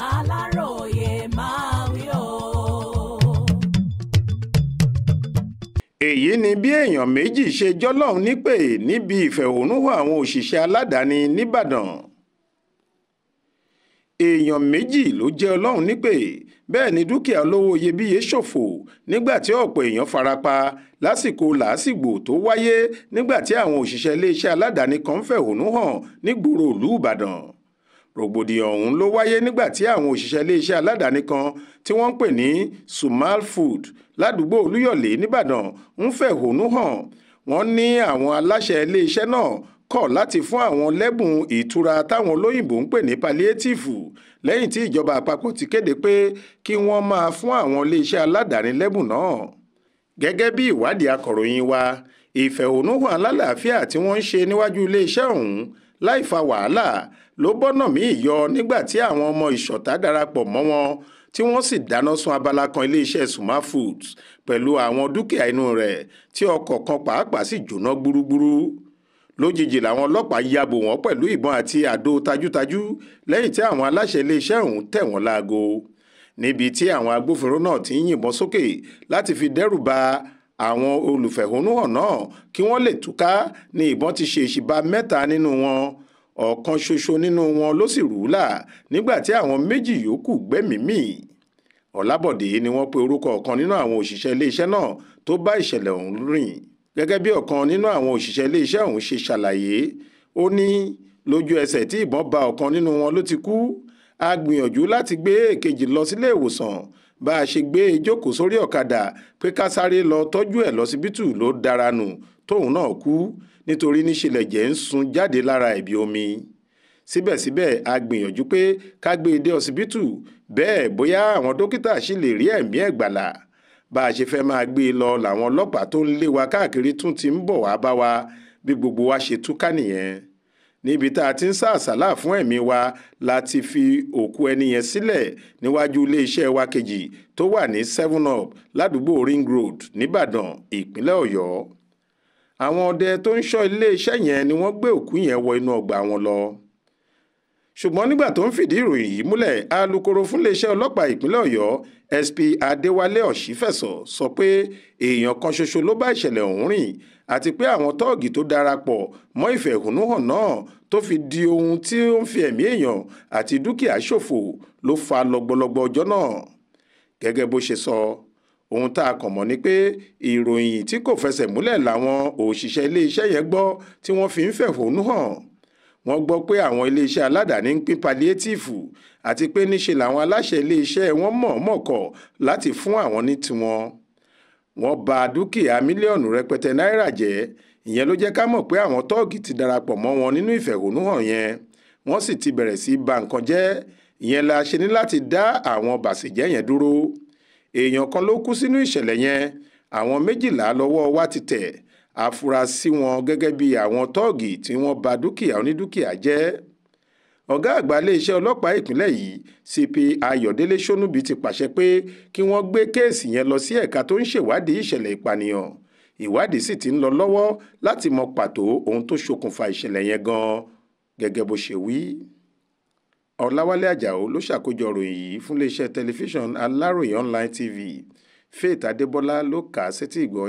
aláròye máa wí o. èyí ni bí èèyàn méjì ṣe jọlọ́run nípè níbi ìfẹ̀hónúhàn àwọn òṣìṣẹ́ aládàáni nìbàdàn èèyàn méjì ló jẹ́ ọlọ́run nípè bẹ́ẹ̀ ni dúkìá olówó iyebíye ṣòfò nígbà tí ọ̀pọ̀ èèyàn farapa lásìkò làásìgbò tó wáyé nígbà tí àwọn òṣìṣẹ́ iléeṣẹ́ aládàáni kan fẹ̀hónú hàn nígboro ìlú ìbàdàn rògbòdìyàn ọ̀hún ló wáyé nígbà tí àwọn òṣìṣẹ́ iléeṣẹ́ aládàáni kan tí wọ́n ń pè ní Sumal Food ládùúgbò Olúyọ̀lé nìbàdàn ń fẹ̀hónú hàn wọ́n ní àwọn aláṣẹ iléeṣẹ́ náà kọ̀ láti fún àwọn lẹ́bùn ìtura táwọn olóyìnbó ń pè ní paliétífù lẹ́yìn tí ìjọba àpapọ̀ ti kéde pé kí wọ́n máa fún àwọn iléeṣẹ́ aládàáni lẹ́bùn náà gẹ́gẹ́ bí ìwádìí akọ̀ròyìn wa ìfẹ̀hónúhàn láì fa wàhálà ló bọ́nà míì yọ nígbà tí àwọn ọmọ ìṣọ̀tá darapọ̀ mọ́ wọn tí wọ́n sì dáná sun abala kan iléeṣẹ́ Suma Foods pẹ̀lú àwọn dúkìá inú rẹ̀ tí ọkọ̀ kan pàápàá sì jóná gbúrúgbúrú lójijì làwọn ọlọ́pàá ya bò wọ́n pẹ̀lú ìbọn àti àdó tajútajú lẹ́yìn tí àwọn aláṣẹ iléeṣẹ́ ọ̀hún tẹ̀ wọ́n láago níbi tí àwọn agbófinró náà ti ń yìnbọn sókè láti fi dẹ́rù ba àwọn olùfẹ̀hónúhàn náà kí wọ́n lè túká ni ìbọn ti ṣe ìṣìbá mẹ́ta nínú wọn ọ̀kan ṣoṣo nínú wọn ló sì rú là nígbà tí àwọn méjì yòókù gbẹ́mìí ọ̀làbọ̀dé ni wọ́n pe orúkọ ọ̀kan nínú àwọn òṣìṣẹ́ iléeṣẹ́ náà tó bá ìṣẹ̀lẹ̀ ọ̀hún rìn gẹ́gẹ́ bí ọ̀kan nínú àwọn òṣìṣẹ́ iléeṣẹ́ ọ̀hún ṣe ṣàlàyé ó ní lójú ẹsẹ̀ tí ìbọn bá ọ̀kan nínú wọn ló ti kú a gbìyànjú láti gbé èkejì lọ sílé ìwòsàn bá a ṣe gbé e jókòó sórí ọ̀kadà pé ká sáré lọ tọ́jú ẹ̀ lọ́sibítù ló dára nù tóun náà kú nítorí níṣẹ̀lẹ̀ jẹ́ ń sun jáde lára ìbí omi síbẹ̀síbẹ̀ a gbìyànjú pé ká gbé e dé ọsibítù bẹ́ẹ̀ bóyá àwọn dókítà sì lè rí ẹ̀mí ẹ̀ bá a ṣe fẹ́ máa gbé e lọ làwọn ọlọ́pàá tó ń lé wa káàkiri tún ti ń bọ̀ wá bá wa bí gbogbo wa ṣe túká nìyẹn níbi tá a ti ń sàásàlà fún ẹ̀mí wa la ti fi òkú ẹni yẹn sílẹ̀ níwájú iléeṣẹ́ wa kejì tó wà ní seven up ládùúgbò ring road nìbàdàn ìpínlẹ̀ ọ̀yọ́ àwọn ọdẹ tó ń ṣọ́ iléeṣẹ́ yẹn ni wọ́n gbé òkú yẹn wọ inú ọgbà wọn lọ ṣùgbọ́n nígbà tó ń fìdí ìròyìn yìí múlẹ̀ alūkkóró fúnléeṣẹ́ ọlọ́pàá ìpínlẹ̀ ọ̀yọ́ sp adéwálé ọ̀ṣífẹ̀sọ sọ pé èèyàn kan ṣoṣo ló bá ìṣẹ̀lẹ̀ ọ̀hún rìn àti pé àwọn tóògì tó darapọ̀ mọ́ ìfẹ̀hónúhàn náà tó fi di ohun tí ó ń fi ẹ̀mí èèyàn àti dúkìá ṣòfò ló fa lọ́gbọ̀lọ́gbọ̀ ọjọ́ náà gẹ́gẹ́ bó ṣe sọ ohun tá a kàn mọ̀ ni pé ìròyìn tí kò fẹsẹ̀ múlẹ̀ làwọn òṣìṣẹ́ iléeṣẹ́ yẹn gbọ́ tí wọ́n fi ń fẹ̀hónú wọ́n gbọ́ pé àwọn iléeṣẹ́ aládàáni ń pín paliétíìfù àti pé níṣe làwọn aláṣẹ iléeṣẹ́ wọn mọ̀ọ́mọ̀ kọ̀ láti fún àwọn ní tiwọn. wọ́n bà dúkìá mílíọ̀nù rẹpẹtẹ náírà jẹ́ ìyẹn ló jẹ́ ká mọ̀ pé àwọn tóògì ti darapọ̀ mọ́ wọn nínú ìfẹ̀hónúhàn yẹn wọ́n sì ti bẹ̀rẹ̀ sí bà nǹkan jẹ́ ìyẹn la ṣe ní láti dá àwọn bàṣẹ̀jẹ́ yẹn dúró èèyàn kan ló kú sínú ìṣẹ̀lẹ̀ yẹn àwọn méjìlá lọ́wọ́ wa ti tẹ̀ afurasí wọn gẹ́gẹ́ bí àwọn tọ́ọ̀gì tí wọ́n ba dúkìá onídúkìá jẹ́ ọ̀gá àgbà iléeṣẹ́ ọlọ́pàá ìpínlẹ̀ yìí cp ayọ̀délé sọ́nùbí ti pàṣẹ pé kí wọ́n gbé kéèsì yẹn lọ sí ẹ̀ka tó ń ṣèwádìí ìṣẹ̀lẹ̀ ìpànìyàn ìwádìí sì ti ń lọ lọ́wọ́ láti mọ pàtó ohun tó ṣokùnfà ìṣẹ̀lẹ̀ yẹn gan gẹ́gẹ́ bó ṣe wí. ọ̀làwálé ajáò ló ṣàkójọ ròyìn yìí fún iléeṣẹ́ tẹlifíṣàn aláròye online tv faith adébọlá ló kà á sétí ìgbọ́